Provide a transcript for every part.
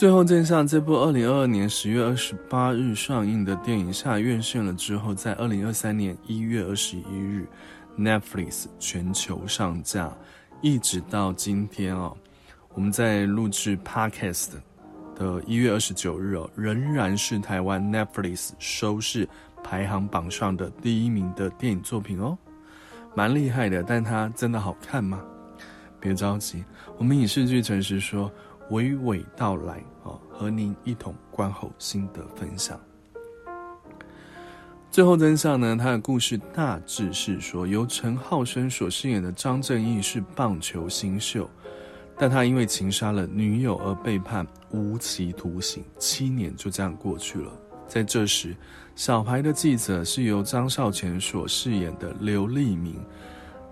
罪後真相這部二零二二年十月二十八日上映的電影下院線了之後，在二零二三年一月二十一日，Netflix 全球上架，一直到今天哦，我們在錄製 Podcast 的一月二十九日哦，仍然是臺灣 Netflix 收視排行榜上的第一名的電影作品哦，蠻厲害的。但它真的好看嗎？別着急，我們影視劇誠實說。娓娓道來啊，和您一同觀後心得分享。罪後真相呢，他的故事大致是說，由陳昊森所飾演的張正義是棒球新秀，但他因為情殺了女友而被判無期徒刑，七年就這樣過去了。在這時，小報的記者是由張孝全所飾演的劉立民，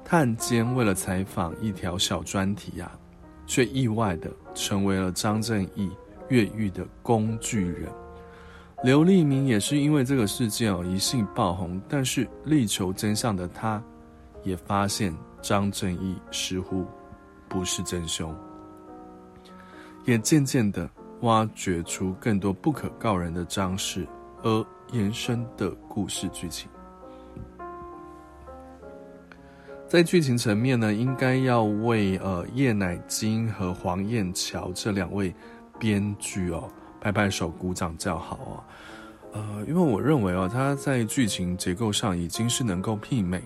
探監為了採訪一條小專題呀、啊。卻意外的成為了張正義越獄的工具人。劉立民也是因為這個事件哦，一夕爆紅，但是力求真相的他，也發現張正義似乎不是真兇，也漸漸的挖掘出更多不可告人的髒事而延伸的故事劇情。在劇情層面呢，應該要為呃葉乃菁和黃燕橋這兩位編劇哦拍拍手，鼓掌叫好哦，呃，因為我認為哦，他在劇情結構上已經是能夠媲美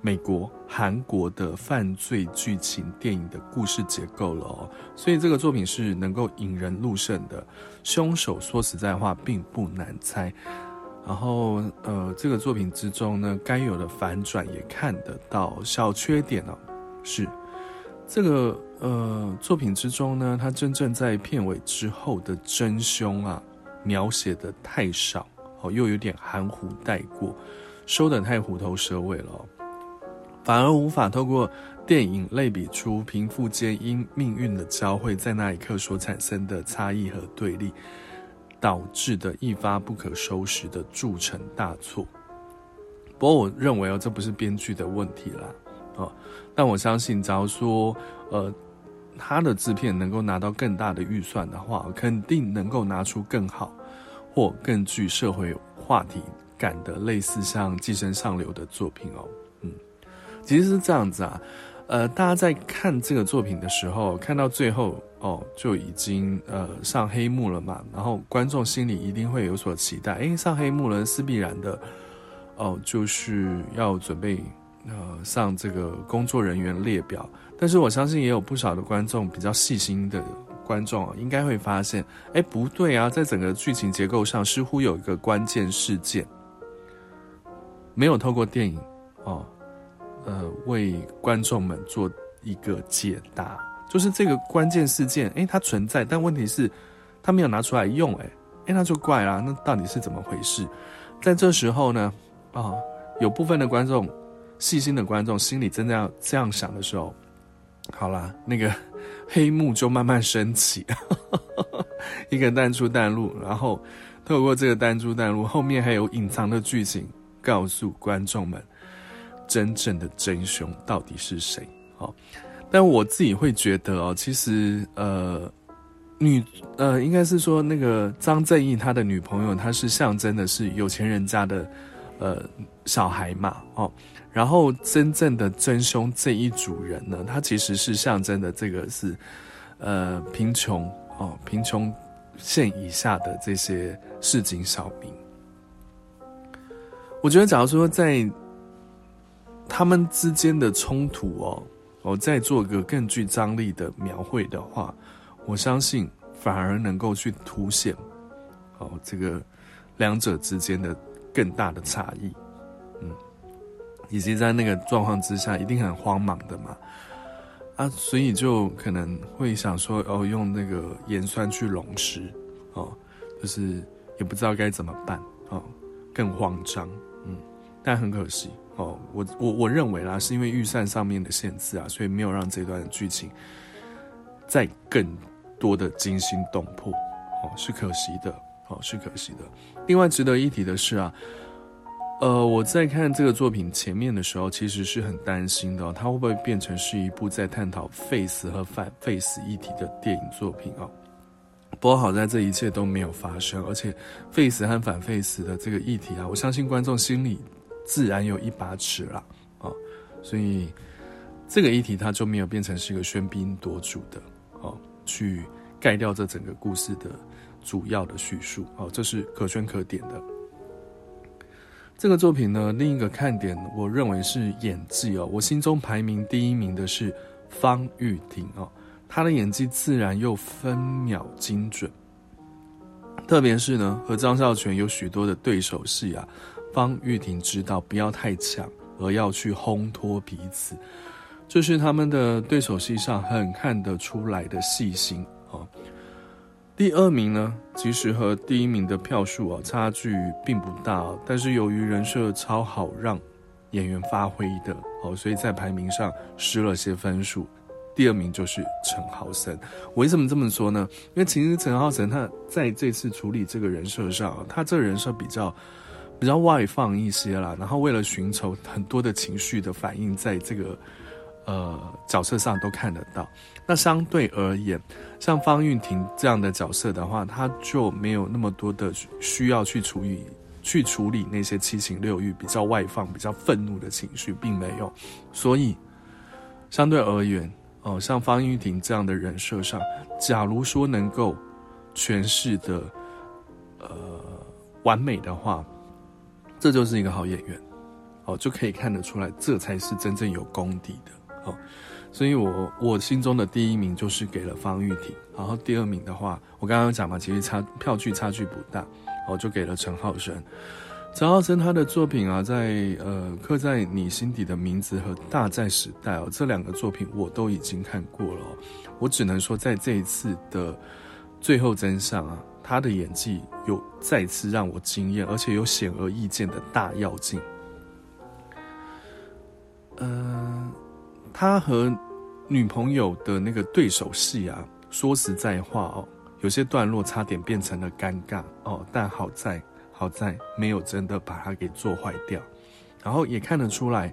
美國、韓國的犯罪劇情電影的故事結構了哦，所以這個作品是能夠引人入勝的。兇手說實在話並不難猜。然後，呃，這個作品之中呢，該有的反轉也看得到。小缺點呢，哦，是這個呃作品之中呢，它真正在片尾之後的真兇啊，描寫得太少，哦，又有點含糊帶過，收得太虎頭蛇尾了，哦，反而無法透過電影類比出貧富間因命運的交匯，在那一刻所產生的差異和對立。導致的一發不可收拾的鑄成大錯。不過我認為哦，這不是編劇的問題啦，哦，但我相信只要說，呃，他的制片能夠拿到更大的預算的話，肯定能夠拿出更好或更具社會話題感的類似像《寄生上流》的作品哦，嗯，其實是這樣子啊。呃，大家在看這個作品的時候，看到最後哦，就已經呃上黑幕了嘛。然後觀眾心裡一定會有所期待，因為上黑幕了是必然的，哦，就是要準備呃上這個工作人員列表。但是我相信也有不少的觀眾，比較細心的觀眾應該會發現，哎，不對啊，在整個劇情結構上似乎有一個關鍵事件沒有透過電影哦。呃，為觀眾們做一個解答，就是這個關鍵事件，誒、欸，它存在，但問題是，它沒有拿出來用、欸，誒，誒，那就怪啦，那到底是怎麼回事？在這時候呢，啊、哦，有部分的觀眾，細心的觀眾心裡真的要這樣想的時候，好啦，那個黑幕就慢慢升起， 一個淡出淡入，然後透過這個淡出淡入，後面還有隱藏的劇情，告訴觀眾們。真正的真凶到底是誰？哦，但我自己會覺得哦，其實呃，女呃，應該是說那個張正義他的女朋友，她是象徵的是有錢人家的呃小孩嘛，哦，然後真正的真凶這一組人呢，他其實是象徵的這個是呃貧窮哦，貧窮線以下的這些市井小民。我覺得，假如說在。他們之間的衝突哦，我、哦、再做個更具張力的描繪的話，我相信反而能夠去凸顯哦，這個兩者之間的更大的差異，嗯，以及在那個狀況之下一定很慌忙的嘛，啊，所以就可能會想說哦，用那個鹽酸去溶蝕哦，就是也不知道該怎麼辦哦，更慌張，嗯，但很可惜。哦，我我我認為啦，是因為預算上面的限制啊，所以沒有讓這段劇情再更多的驚心動魄，哦，是可惜的，哦，是可惜的。另外值得一提的是啊，呃，我在看這個作品前面的時候，其實是很擔心的哦，它會不會變成是一部在探討廢死和反廢死議題的電影作品啊哦。不過好在這一切都沒有發生，而且廢死和反廢死的這個議題啊，我相信觀眾心裡。自然有一把尺了，啊、哦，所以這個議題它就沒有變成是一個喧賓奪主的，啊、哦，去蓋掉這整個故事的主要的敘述，啊、哦，這是可圈可點的。這個作品呢，另一個看點，我認為是演技哦，我心中排名第一名的是方郁婷哦，她的演技自然又分秒精準，特別是呢，和張孝全有許多的對手戲啊。方郁婷知道不要太搶，而要去烘托彼此，這是他們的對手戲上很看得出來的細心啊。第二名呢，其實和第一名的票數啊差距並不大，但是由於人設超好，讓演員發揮的哦，所以在排名上失了些分數。第二名就是陳昊森，為什麼這麼說呢？因為其實陳昊森他在這次處理這個人設上，他這個人設比較比較外放一些啦，然後為了尋仇，很多的情緒的反應在這個，呃，角色上都看得到。那相對而言，像方郁婷這樣的角色的話，她就沒有那麼多的需要去處理、去處理那些七情六欲、比較外放、比較憤怒的情緒，並沒有。所以，相對而言，哦、呃，像方郁婷這樣的人設上，假如說能夠詮釋的，呃，完美的話。這就是一個好演員，哦，就可以看得出來，這才是真正有功底的哦。所以我，我我心中的第一名就是給了方郁婷，然後第二名的話，我剛剛講嘛，其實差票距差距不大，哦，就給了陳昊森。陳昊森他的作品啊，在呃刻在你心底的名字和大債時代哦這兩個作品我都已經看過了，哦，我只能說在這一次的罪後真相啊。他的演技又再次讓我驚豔，而且有顯而易見的大躍進。嗯、呃，他和女朋友的那個對手戲啊，說實在話哦，有些段落差點變成了尷尬哦，但好在好在沒有真的把他給做壞掉，然後也看得出來。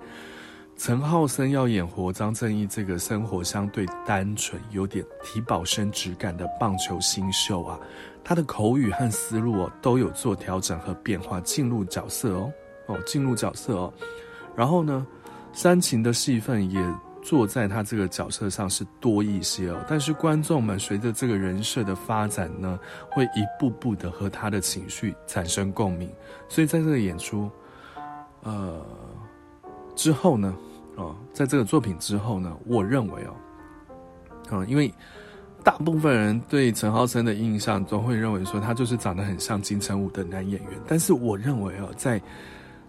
陳昊森要演活張正義這個生活相對單純、有點體保生質感的棒球新秀啊，他的口語和思路哦都有做調整和變化，進入角色哦哦進入角色哦。然後呢，煽情的戲份也做在他這個角色上是多一些哦。但是觀眾們隨着這個人設的發展呢，會一步步的和他的情緒產生共鳴，所以在這個演出，呃之後呢。在這個作品之後呢，我認為哦，嗯，因為大部分人對陳昊森的印象都會認為說他就是長得很像金城武的男演員，但是我認為哦，在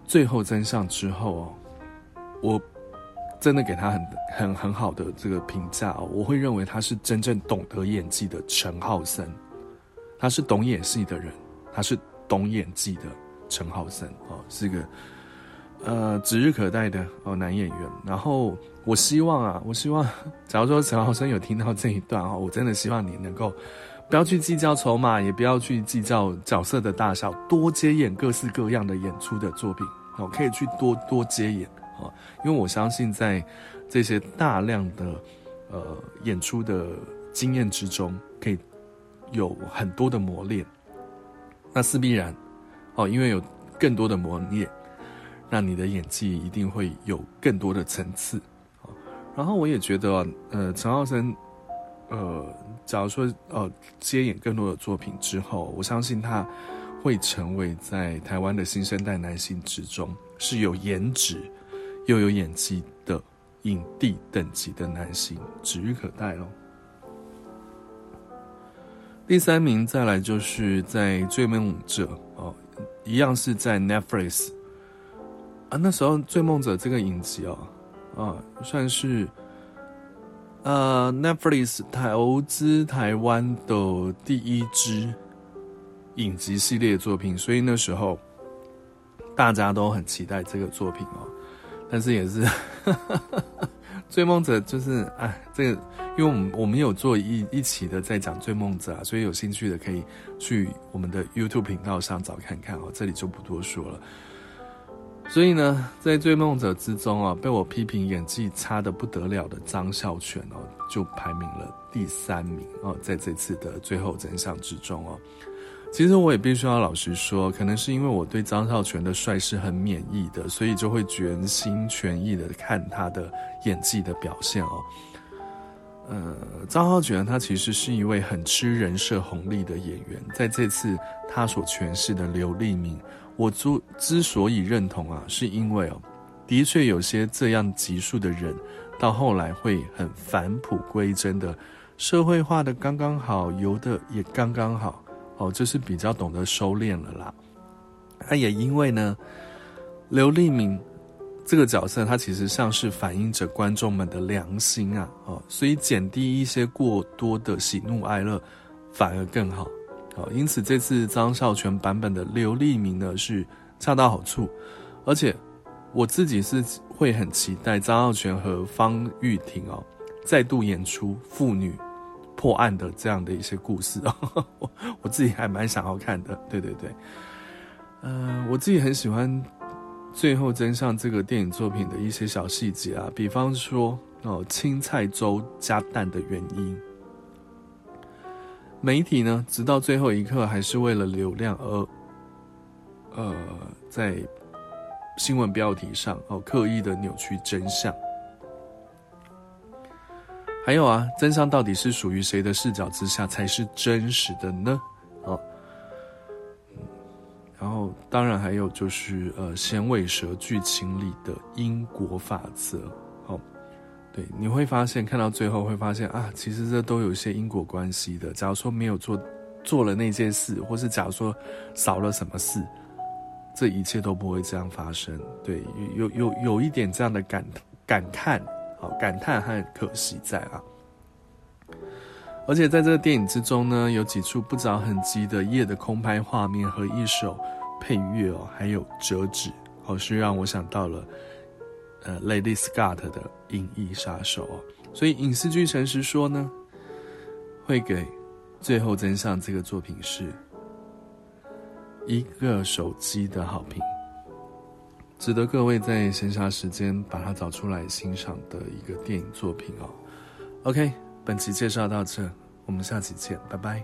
罪後真相之後哦，我真的給他很很很好的這個評價哦，我會認為他是真正懂得演技的陳昊森，他是懂演戲的人，他是懂演技的陳昊森哦，是一個。呃，指日可待的哦，男演員。然後，我希望啊，我希望，假如說陳昊森有聽到這一段啊、哦，我真的希望你能夠，不要去計較籌碼，也不要去計較角色的大小，多接演各式各樣的演出的作品哦，可以去多多接演啊、哦，因為我相信在這些大量的呃演出的經驗之中，可以有很多的磨練，那是必然哦，因為有更多的磨練。那你的演技一定會有更多的層次，然後我也覺得，呃，陳昊森，呃，假如說呃接演更多的作品之後，我相信他會成為在台灣的新生代男星之中是有顏值又有演技的影帝等級的男星，指日可待咯。哦，第三名再來就是在《罪夢者》哦，一樣是在 Netflix。啊，那時候《罪夢者》這個影集哦，啊，算是呃 Netflix 投資台灣的第一支影集系列作品，所以那時候大家都很期待這個作品哦。但是也是呵呵，《罪夢者》就是啊，這個因為我們我們有做一一期的在講《罪夢者》，啊，所以有興趣的可以去我們的 YouTube 頻道上找看看哦，這裡就不多說了。所以呢，在追夢者之中啊，被我批評演技差得不得了的張孝全哦，就排名了第三名哦，在這次的罪後真相之中哦。其實我也必須要老實說，可能是因為我對張孝全的帥是很免疫的，所以就會全心全意的看他的演技的表現哦。呃，張孝全呢，他其實是一位很吃人設紅利的演員。在這次他所詮釋的劉立民，我之所以認同啊，是因為哦，的確有些這樣極速的人，到後來會很返璞歸真的，社會化的剛剛好，遊的也剛剛好，哦，就是比較懂得收斂了啦。他、啊、也因為呢，劉立民，這個角色，它其實像是反映着觀眾們的良心啊，啊、哦，所以減低一些過多的喜怒哀樂，反而更好，哦。因此這次張孝全版本的劉立明呢，是恰到好處，而且我自己是會很期待張孝全和方郁婷哦再度演出父女破案的這樣的一些故事，哦、呵呵，我自己還蠻想要看的。對對對，嗯、呃，我自己很喜歡。罪後真相這個電影作品的一些小細節啊，比方說哦青菜粥加蛋的原因，媒體呢直到最後一刻還是為了流量而呃在新聞標題上哦刻意的扭曲真相，還有啊真相到底是屬於誰的視角之下才是真實的呢？當然，還有就是呃，銜尾蛇劇情裡的因果法則。好、哦，對，你會發現看到最後會發現啊，其實這都有一些因果關係的。假如說沒有做做了那件事，或是假如說少了什麼事，這一切都不會這樣發生。對，有有有有一點這樣的感感嘆，好、哦、感嘆和可惜在啊。而且在這個電影之中呢，有幾處不着痕跡的夜的空拍畫面和一首。配樂哦，還有折紙哦，是讓我想到了，呃，Lady Scott 的《銀翼殺手》哦。所以影視劇誠實說呢，會給罪後真相這個作品是一個手機的好評，值得各位在閒暇時間把它找出來欣賞的一個電影作品哦。OK，本期介紹到這，我們下期見，拜拜。